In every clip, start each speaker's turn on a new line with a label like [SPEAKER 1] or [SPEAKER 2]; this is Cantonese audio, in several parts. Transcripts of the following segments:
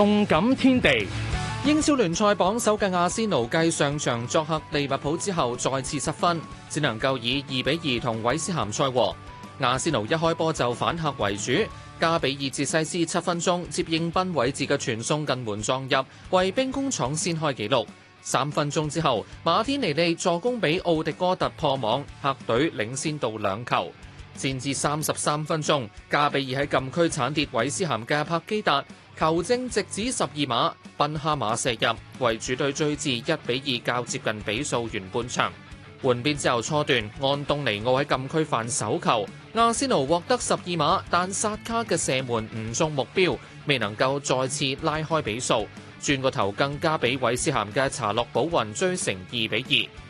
[SPEAKER 1] 動感天地，英超聯賽榜首嘅阿仙奴繼上場作客利物浦之後再次失分，只能夠以二比二同韋斯咸賽和。阿仙奴一開波就反客為主，加比爾哲西斯七分鐘接應賓韋治嘅傳送近門撞入，為兵工廠先開紀錄。三分鐘之後，馬天尼利助攻俾奧迪哥特破網，客隊領先到兩球。戰至三十三分鐘，加比爾喺禁區鏟跌韋斯咸嘅帕基達。球證直指十二碼，賓哈馬射入，為主隊追至一比二，較接近比數。完半場，換邊之後初段，安東尼奧喺禁區犯手球，阿仙奴獲得十二碼，但薩卡嘅射門唔中目標，未能夠再次拉開比數。轉個頭，更加俾韋斯咸嘅查洛保雲追成二比二。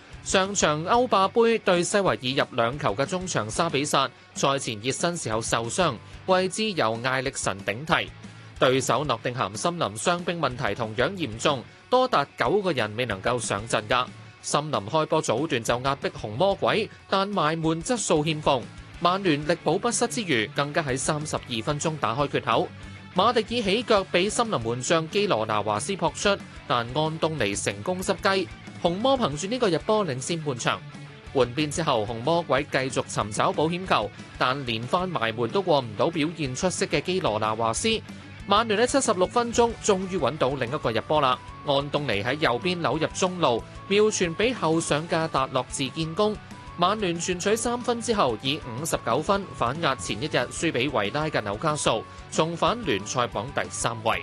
[SPEAKER 1] 上場歐霸杯對西維爾入兩球嘅中場沙比薩，賽前熱身時候受傷，位置由艾力神頂替。對手諾定咸森林傷兵問題同樣嚴重，多達九個人未能夠上陣噶。森林開波早段就壓迫紅魔鬼，但埋門質素欠奉。曼聯力保不失之餘，更加喺三十二分鐘打開缺口。馬迪爾起腳畀森林門將基羅拿華斯撲出。但安東尼成功失雞，紅魔憑住呢個入波領先半場。換邊之後，紅魔鬼繼續尋找保險球，但連翻埋門都過唔到表現出色嘅基羅納華斯。曼聯呢，七十六分鐘終於揾到另一個入波啦！安東尼喺右邊扭入中路，妙傳俾後上嘅達洛治建功。曼聯全取三分之後，以五十九分反壓前一日輸俾維拉嘅紐卡素，重返聯賽榜第三位。